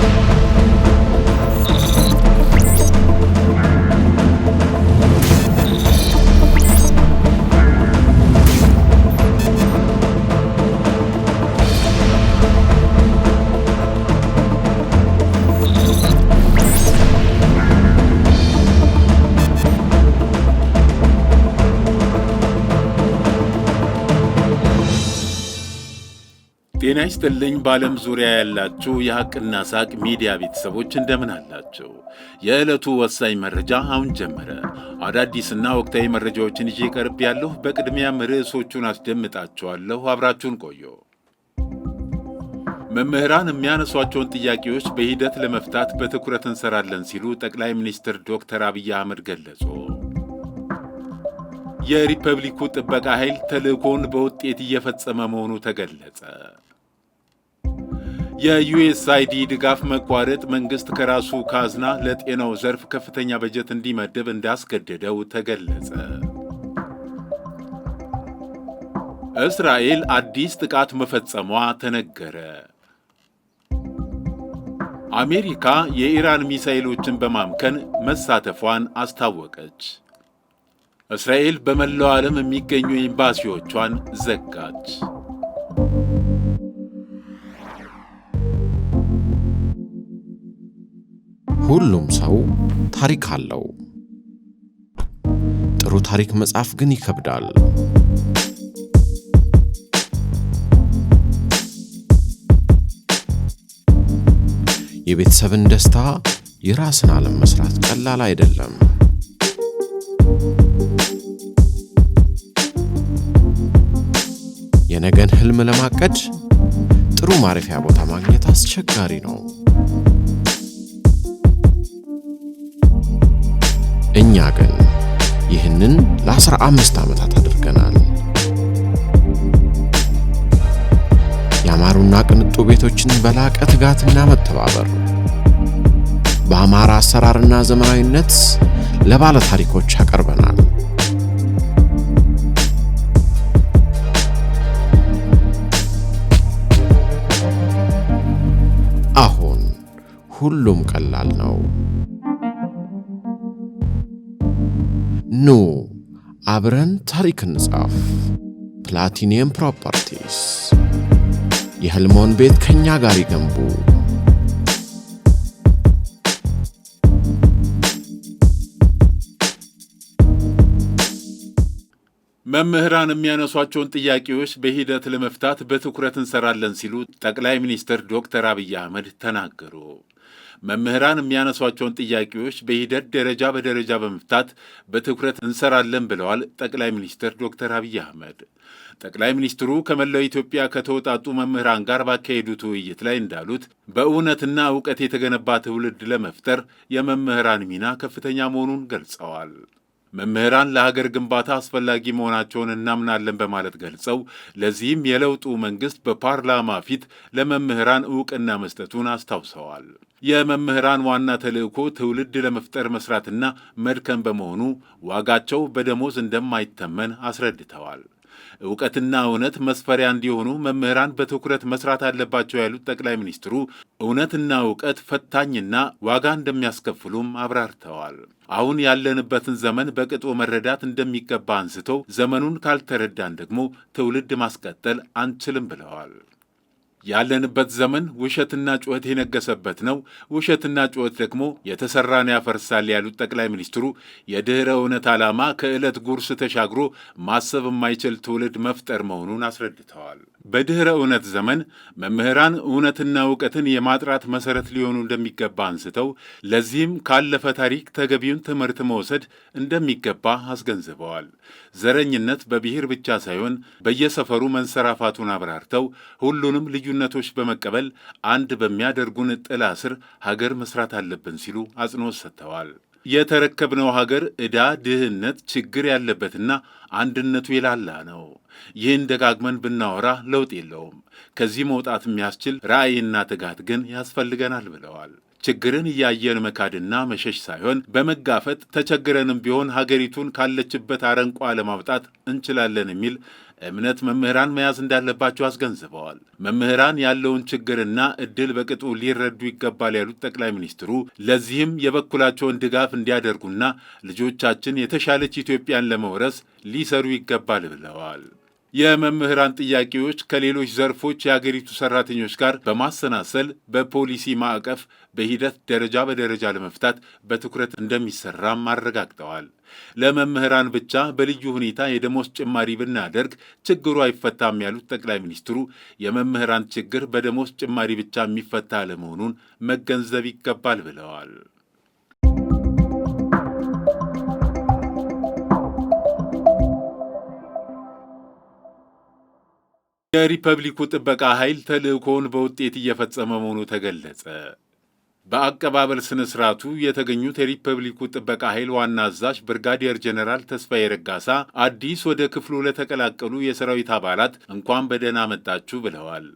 Thank you. ጤና ይስጥልኝ በዓለም ዙሪያ ያላችሁ የሐቅና ሳቅ ሚዲያ ቤተሰቦች እንደምን አላችሁ? የዕለቱ ወሳኝ መረጃ አሁን ጀመረ። አዳዲስና ወቅታዊ መረጃዎችን ይዤ ቀርብ ያለሁ። በቅድሚያም ርዕሶቹን አስደምጣችኋለሁ። አብራችሁን ቆዩ። መምህራን የሚያነሷቸውን ጥያቄዎች በሂደት ለመፍታት በትኩረት እንሰራለን ሲሉ ጠቅላይ ሚኒስትር ዶክተር አብይ አህመድ ገለጹ። የሪፐብሊኩ ጥበቃ ኃይል ተልእኮውን በውጤት እየፈጸመ መሆኑ ተገለጸ። የዩኤስአይዲ ድጋፍ መቋረጥ መንግስት ከራሱ ካዝና ለጤናው ዘርፍ ከፍተኛ በጀት እንዲመድብ እንዳስገደደው ተገለጸ። እስራኤል አዲስ ጥቃት መፈጸሟ ተነገረ። አሜሪካ የኢራን ሚሳይሎችን በማምከን መሳተፏን አስታወቀች። እስራኤል በመላው ዓለም የሚገኙ ኤምባሲዎቿን ዘጋች። ሁሉም ሰው ታሪክ አለው። ጥሩ ታሪክ መጻፍ ግን ይከብዳል። የቤተሰብን ደስታ፣ የራስን ዓለም መስራት ቀላል አይደለም። የነገን ህልም ለማቀድ ጥሩ ማረፊያ ቦታ ማግኘት አስቸጋሪ ነው። ግን ይህንን ለአስራ አምስት ዓመታት አድርገናል። ያማሩና ቅንጡ ቤቶችን በላቀ ትጋትና መተባበር በአማራ አሰራርና ዘመናዊነት ለባለ ታሪኮች አቀርበናል። አሁን ሁሉም ቀላል ነው። ኑ አብረን ታሪክ እንጻፍ። ፕላቲኒየም ፕሮፐርቲስ የህልሞን ቤት ከእኛ ጋር ይገንቡ። መምህራን የሚያነሷቸውን ጥያቄዎች በሂደት ለመፍታት በትኩረት እንሰራለን ሲሉ ጠቅላይ ሚኒስትር ዶክተር አብይ አህመድ ተናገሩ። መምህራን የሚያነሷቸውን ጥያቄዎች በሂደት ደረጃ በደረጃ በመፍታት በትኩረት እንሰራለን ብለዋል ጠቅላይ ሚኒስትር ዶክተር አብይ አህመድ። ጠቅላይ ሚኒስትሩ ከመላው ኢትዮጵያ ከተወጣጡ መምህራን ጋር ባካሄዱት ውይይት ላይ እንዳሉት በእውነትና እውቀት የተገነባ ትውልድ ለመፍጠር የመምህራን ሚና ከፍተኛ መሆኑን ገልጸዋል። መምህራን ለሀገር ግንባታ አስፈላጊ መሆናቸውን እናምናለን በማለት ገልጸው ለዚህም የለውጡ መንግስት በፓርላማ ፊት ለመምህራን እውቅና መስጠቱን አስታውሰዋል። የመምህራን ዋና ተልዕኮ ትውልድ ለመፍጠር መስራትና መድከም በመሆኑ ዋጋቸው በደሞዝ እንደማይተመን አስረድተዋል። እውቀትና እውነት መስፈሪያ እንዲሆኑ መምህራን በትኩረት መስራት አለባቸው ያሉት ጠቅላይ ሚኒስትሩ እውነትና እውቀት ፈታኝና ዋጋ እንደሚያስከፍሉም አብራርተዋል። አሁን ያለንበትን ዘመን በቅጡ መረዳት እንደሚገባ አንስተው ዘመኑን ካልተረዳን ደግሞ ትውልድ ማስቀጠል አንችልም ብለዋል። ያለንበት ዘመን ውሸትና ጩኸት የነገሰበት ነው። ውሸትና ጩኸት ደግሞ የተሰራን ያፈርሳል ያሉት ጠቅላይ ሚኒስትሩ የድኅረ እውነት ዓላማ ከዕለት ጉርስ ተሻግሮ ማሰብ የማይችል ትውልድ መፍጠር መሆኑን አስረድተዋል። በድኅረ እውነት ዘመን መምህራን እውነትና እውቀትን የማጥራት መሠረት ሊሆኑ እንደሚገባ አንስተው ለዚህም ካለፈ ታሪክ ተገቢውን ትምህርት መውሰድ እንደሚገባ አስገንዝበዋል። ዘረኝነት በብሔር ብቻ ሳይሆን በየሰፈሩ መንሰራፋቱን አብራርተው ሁሉንም ልዩነቶች በመቀበል አንድ በሚያደርጉን ጥላ ስር ሀገር መስራት አለብን ሲሉ አጽንኦት ሰጥተዋል። የተረከብነው ሀገር ዕዳ፣ ድህነት፣ ችግር ያለበትና አንድነቱ የላላ ነው። ይህን ደጋግመን ብናወራ ለውጥ የለውም። ከዚህ መውጣት የሚያስችል ራዕይና ትጋት ግን ያስፈልገናል ብለዋል። ችግርን እያየን መካድና መሸሽ ሳይሆን በመጋፈጥ ተቸግረንም ቢሆን ሀገሪቱን ካለችበት አረንቋ ለማውጣት እንችላለን የሚል እምነት መምህራን መያዝ እንዳለባቸው አስገንዝበዋል። መምህራን ያለውን ችግርና እድል በቅጡ ሊረዱ ይገባል ያሉት ጠቅላይ ሚኒስትሩ ለዚህም የበኩላቸውን ድጋፍ እንዲያደርጉና ልጆቻችን የተሻለች ኢትዮጵያን ለመውረስ ሊሰሩ ይገባል ብለዋል። የመምህራን ጥያቄዎች ከሌሎች ዘርፎች የአገሪቱ ሰራተኞች ጋር በማሰናሰል በፖሊሲ ማዕቀፍ በሂደት ደረጃ በደረጃ ለመፍታት በትኩረት እንደሚሰራም አረጋግጠዋል። ለመምህራን ብቻ በልዩ ሁኔታ የደሞዝ ጭማሪ ብናደርግ ችግሩ አይፈታም ያሉት ጠቅላይ ሚኒስትሩ የመምህራን ችግር በደሞዝ ጭማሪ ብቻ የሚፈታ አለመሆኑን መገንዘብ ይገባል ብለዋል። የሪፐብሊኩ ጥበቃ ኃይል ተልእኮውን በውጤት እየፈጸመ መሆኑ ተገለጸ። በአቀባበል ስነ ስርዓቱ የተገኙት የሪፐብሊኩ ጥበቃ ኃይል ዋና አዛዥ ብርጋዲየር ጀኔራል ተስፋዬ ረጋሳ አዲስ ወደ ክፍሉ ለተቀላቀሉ የሰራዊት አባላት እንኳን በደህና መጣችሁ ብለዋል።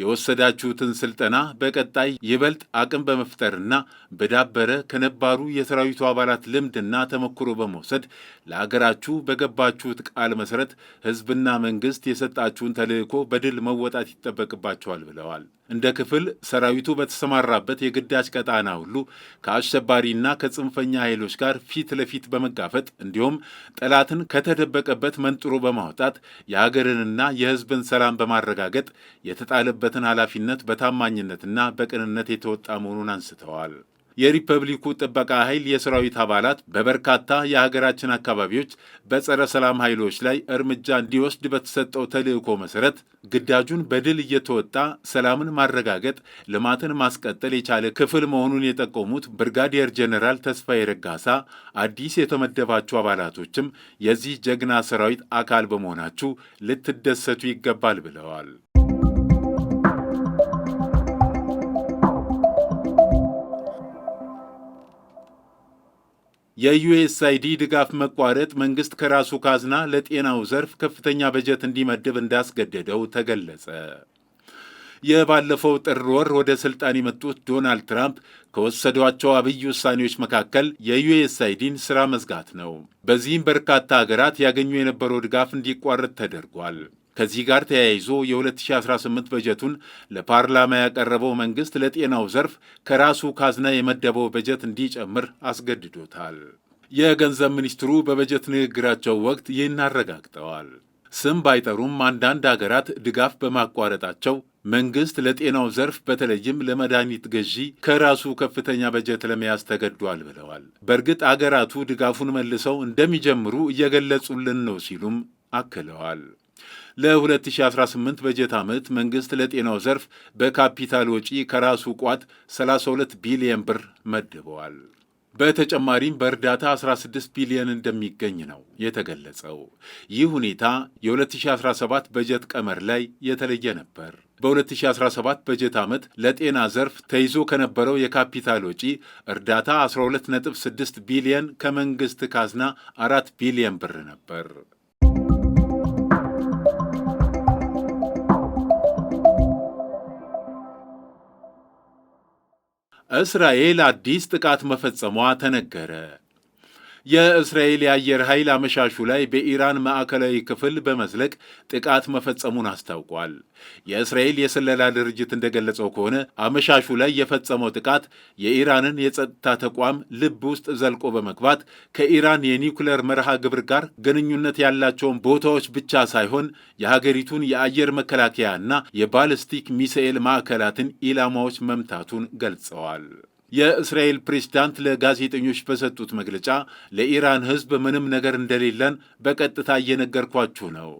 የወሰዳችሁትን ስልጠና በቀጣይ ይበልጥ አቅም በመፍጠርና በዳበረ ከነባሩ የሰራዊቱ አባላት ልምድና ተሞክሮ በመውሰድ ለአገራችሁ በገባችሁት ቃል መሰረት ህዝብና መንግስት የሰጣችሁን ተልዕኮ በድል መወጣት ይጠበቅባቸዋል ብለዋል። እንደ ክፍል ሰራዊቱ በተሰማራበት የግዳጅ ቀጣና ሁሉ ከአሸባሪና ከጽንፈኛ ኃይሎች ጋር ፊት ለፊት በመጋፈጥ እንዲሁም ጠላትን ከተደበቀበት መንጥሮ በማውጣት የሀገርንና የሕዝብን ሰላም በማረጋገጥ የተጣለበትን ኃላፊነት በታማኝነትና በቅንነት የተወጣ መሆኑን አንስተዋል። የሪፐብሊኩ ጥበቃ ኃይል የሰራዊት አባላት በበርካታ የሀገራችን አካባቢዎች በጸረ ሰላም ኃይሎች ላይ እርምጃ እንዲወስድ በተሰጠው ተልዕኮ መሰረት ግዳጁን በድል እየተወጣ ሰላምን ማረጋገጥ፣ ልማትን ማስቀጠል የቻለ ክፍል መሆኑን የጠቆሙት ብርጋዲየር ጀኔራል ተስፋዬ ረጋሳ አዲስ የተመደባችሁ አባላቶችም የዚህ ጀግና ሰራዊት አካል በመሆናችሁ ልትደሰቱ ይገባል ብለዋል። የዩኤስአይዲ ድጋፍ መቋረጥ መንግስት ከራሱ ካዝና ለጤናው ዘርፍ ከፍተኛ በጀት እንዲመድብ እንዳስገደደው ተገለጸ። የባለፈው ጥር ወር ወደ ስልጣን የመጡት ዶናልድ ትራምፕ ከወሰዷቸው አብይ ውሳኔዎች መካከል የዩኤስአይዲን ሥራ መዝጋት ነው። በዚህም በርካታ ሀገራት ያገኙ የነበረው ድጋፍ እንዲቋረጥ ተደርጓል። ከዚህ ጋር ተያይዞ የ2018 በጀቱን ለፓርላማ ያቀረበው መንግስት ለጤናው ዘርፍ ከራሱ ካዝና የመደበው በጀት እንዲጨምር አስገድዶታል። የገንዘብ ሚኒስትሩ በበጀት ንግግራቸው ወቅት ይህን አረጋግጠዋል። ስም ባይጠሩም አንዳንድ አገራት ድጋፍ በማቋረጣቸው መንግስት ለጤናው ዘርፍ በተለይም ለመድኃኒት ገዢ ከራሱ ከፍተኛ በጀት ለመያዝ ተገዷል ብለዋል። በእርግጥ አገራቱ ድጋፉን መልሰው እንደሚጀምሩ እየገለጹልን ነው ሲሉም አክለዋል። ለ2018 በጀት ዓመት መንግሥት ለጤናው ዘርፍ በካፒታል ወጪ ከራሱ ቋት 32 ቢሊየን ብር መድበዋል። በተጨማሪም በእርዳታ 16 ቢሊየን እንደሚገኝ ነው የተገለጸው። ይህ ሁኔታ የ2017 በጀት ቀመር ላይ የተለየ ነበር። በ2017 በጀት ዓመት ለጤና ዘርፍ ተይዞ ከነበረው የካፒታል ወጪ እርዳታ 12.6 ቢሊየን ከመንግሥት ካዝና 4 ቢሊየን ብር ነበር። እስራኤል አዲስ ጥቃት መፈጸሟ ተነገረ። የእስራኤል የአየር ኃይል አመሻሹ ላይ በኢራን ማዕከላዊ ክፍል በመዝለቅ ጥቃት መፈጸሙን አስታውቋል። የእስራኤል የስለላ ድርጅት እንደገለጸው ከሆነ አመሻሹ ላይ የፈጸመው ጥቃት የኢራንን የጸጥታ ተቋም ልብ ውስጥ ዘልቆ በመግባት ከኢራን የኒውክለር መርሃ ግብር ጋር ግንኙነት ያላቸውን ቦታዎች ብቻ ሳይሆን የሀገሪቱን የአየር መከላከያ እና የባልስቲክ ሚሳኤል ማዕከላትን ኢላማዎች መምታቱን ገልጸዋል። የእስራኤል ፕሬዝዳንት ለጋዜጠኞች በሰጡት መግለጫ ለኢራን ሕዝብ ምንም ነገር እንደሌለን በቀጥታ እየነገርኳችሁ ነው።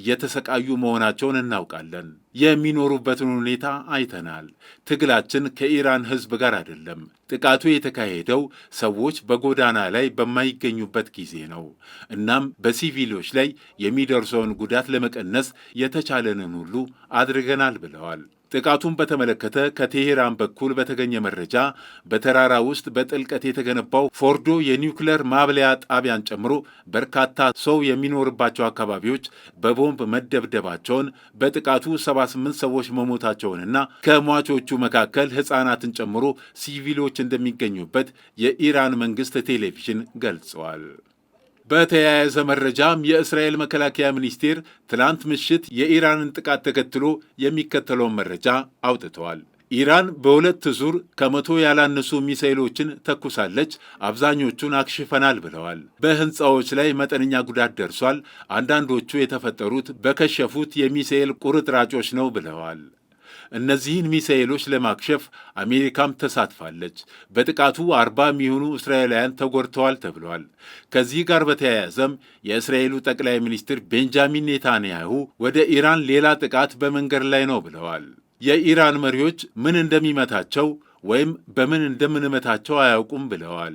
እየተሰቃዩ መሆናቸውን እናውቃለን። የሚኖሩበትን ሁኔታ አይተናል። ትግላችን ከኢራን ሕዝብ ጋር አይደለም። ጥቃቱ የተካሄደው ሰዎች በጎዳና ላይ በማይገኙበት ጊዜ ነው። እናም በሲቪሎች ላይ የሚደርሰውን ጉዳት ለመቀነስ የተቻለንን ሁሉ አድርገናል ብለዋል። ጥቃቱን በተመለከተ ከቴሄራን በኩል በተገኘ መረጃ በተራራ ውስጥ በጥልቀት የተገነባው ፎርዶ የኒውክለር ማብለያ ጣቢያን ጨምሮ በርካታ ሰው የሚኖርባቸው አካባቢዎች በቦምብ መደብደባቸውን በጥቃቱ 78 ሰዎች መሞታቸውንና ከሟቾቹ መካከል ሕፃናትን ጨምሮ ሲቪሎች እንደሚገኙበት የኢራን መንግሥት ቴሌቪዥን ገልጸዋል። በተያያዘ መረጃም የእስራኤል መከላከያ ሚኒስቴር ትላንት ምሽት የኢራንን ጥቃት ተከትሎ የሚከተለውን መረጃ አውጥተዋል። ኢራን በሁለት ዙር ከመቶ ያላነሱ ሚሳይሎችን ተኩሳለች፣ አብዛኞቹን አክሽፈናል ብለዋል። በህንፃዎች ላይ መጠነኛ ጉዳት ደርሷል፣ አንዳንዶቹ የተፈጠሩት በከሸፉት የሚሳይል ቁርጥራጮች ነው ብለዋል። እነዚህን ሚሳኤሎች ለማክሸፍ አሜሪካም ተሳትፋለች። በጥቃቱ አርባ የሚሆኑ እስራኤላውያን ተጎድተዋል ተብለዋል። ከዚህ ጋር በተያያዘም የእስራኤሉ ጠቅላይ ሚኒስትር ቤንጃሚን ኔታንያሁ ወደ ኢራን ሌላ ጥቃት በመንገድ ላይ ነው ብለዋል። የኢራን መሪዎች ምን እንደሚመታቸው ወይም በምን እንደምንመታቸው አያውቁም ብለዋል።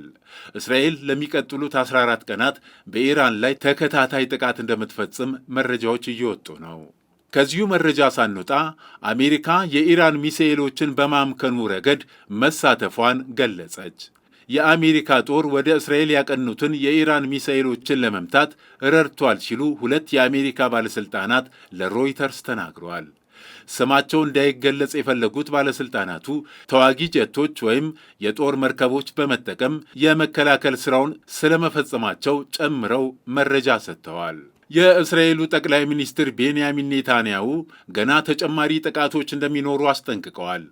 እስራኤል ለሚቀጥሉት 14 ቀናት በኢራን ላይ ተከታታይ ጥቃት እንደምትፈጽም መረጃዎች እየወጡ ነው። ከዚሁ መረጃ ሳንወጣ አሜሪካ የኢራን ሚሳኤሎችን በማምከኑ ረገድ መሳተፏን ገለጸች። የአሜሪካ ጦር ወደ እስራኤል ያቀኑትን የኢራን ሚሳኤሎችን ለመምታት ረድቷል ሲሉ ሁለት የአሜሪካ ባለሥልጣናት ለሮይተርስ ተናግረዋል። ስማቸው እንዳይገለጽ የፈለጉት ባለሥልጣናቱ ተዋጊ ጀቶች ወይም የጦር መርከቦች በመጠቀም የመከላከል ሥራውን ስለመፈጸማቸው ጨምረው መረጃ ሰጥተዋል። የእስራኤሉ ጠቅላይ ሚኒስትር ቤንያሚን ኔታንያሁ ገና ተጨማሪ ጥቃቶች እንደሚኖሩ አስጠንቅቀዋል።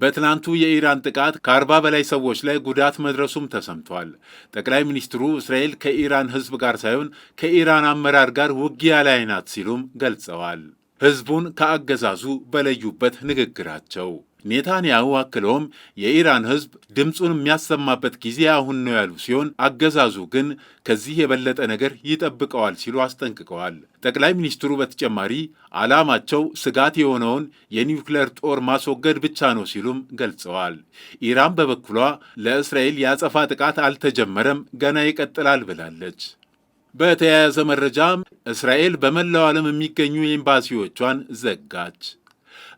በትናንቱ የኢራን ጥቃት ከአርባ በላይ ሰዎች ላይ ጉዳት መድረሱም ተሰምቷል። ጠቅላይ ሚኒስትሩ እስራኤል ከኢራን ሕዝብ ጋር ሳይሆን ከኢራን አመራር ጋር ውጊያ ላይ ናት ሲሉም ገልጸዋል። ሕዝቡን ከአገዛዙ በለዩበት ንግግራቸው ኔታንያሁ አክለውም የኢራን ሕዝብ ድምፁን የሚያሰማበት ጊዜ አሁን ነው ያሉ ሲሆን አገዛዙ ግን ከዚህ የበለጠ ነገር ይጠብቀዋል ሲሉ አስጠንቅቀዋል። ጠቅላይ ሚኒስትሩ በተጨማሪ ዓላማቸው ስጋት የሆነውን የኒውክሌር ጦር ማስወገድ ብቻ ነው ሲሉም ገልጸዋል። ኢራን በበኩሏ ለእስራኤል የአጸፋ ጥቃት አልተጀመረም፣ ገና ይቀጥላል ብላለች። በተያያዘ መረጃም እስራኤል በመላው ዓለም የሚገኙ ኤምባሲዎቿን ዘጋች።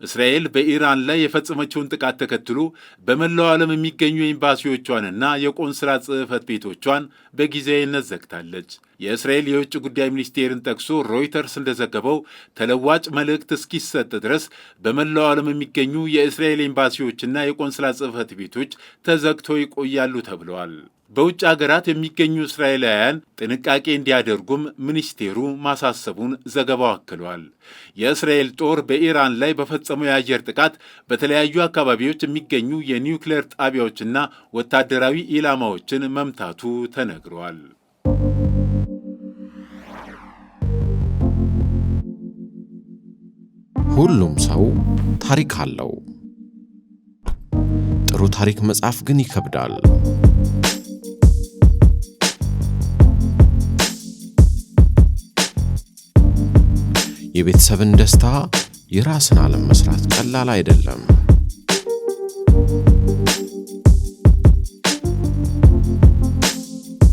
እስራኤል በኢራን ላይ የፈጸመችውን ጥቃት ተከትሎ በመላው ዓለም የሚገኙ ኤምባሲዎቿንና የቆንስላ ጽሕፈት ቤቶቿን በጊዜያዊነት ዘግታለች። የእስራኤል የውጭ ጉዳይ ሚኒስቴርን ጠቅሶ ሮይተርስ እንደዘገበው ተለዋጭ መልእክት እስኪሰጥ ድረስ በመላው ዓለም የሚገኙ የእስራኤል ኤምባሲዎችና የቆንስላ ጽሕፈት ቤቶች ተዘግተው ይቆያሉ ተብለዋል። በውጭ አገራት የሚገኙ እስራኤላውያን ጥንቃቄ እንዲያደርጉም ሚኒስቴሩ ማሳሰቡን ዘገባው አክሏል። የእስራኤል ጦር በኢራን ላይ በፈጸመው የአየር ጥቃት በተለያዩ አካባቢዎች የሚገኙ የኒውክሌር ጣቢያዎችና ወታደራዊ ኢላማዎችን መምታቱ ተነግሯል። ሁሉም ሰው ታሪክ አለው። ጥሩ ታሪክ መጻፍ ግን ይከብዳል። የቤተሰብን ደስታ፣ የራስን ዓለም መስራት ቀላል አይደለም።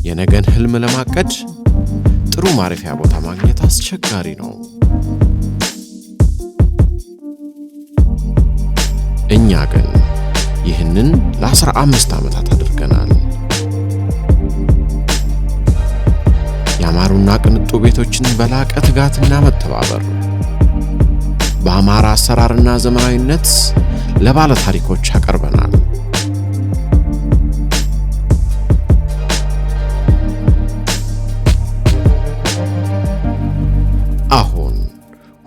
የነገን ህልም ለማቀድ ጥሩ ማረፊያ ቦታ ማግኘት አስቸጋሪ ነው። እኛ ግን ይህንን ለ15 ዓመታት ያማሩና ቅንጡ ቤቶችን በላቀ ትጋትና መተባበር በአማራ አሰራርና ዘመናዊነት ለባለ ታሪኮች ያቀርበናል። አሁን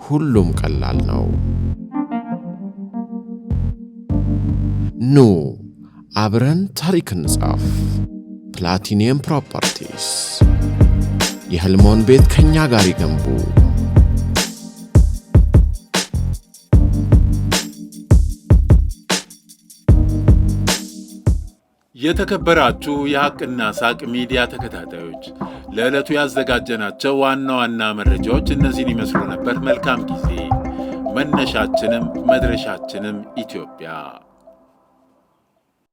ሁሉም ቀላል ነው። ኑ አብረን ታሪክ እንጻፍ። ፕላቲኒየም ፕሮፐርቲስ የህልሞን ቤት ከእኛ ጋር ይገንቡ። የተከበራችሁ የሐቅና ሳቅ ሚዲያ ተከታታዮች ለዕለቱ ያዘጋጀናቸው ዋና ዋና መረጃዎች እነዚህን ይመስሉ ነበር። መልካም ጊዜ። መነሻችንም መድረሻችንም ኢትዮጵያ።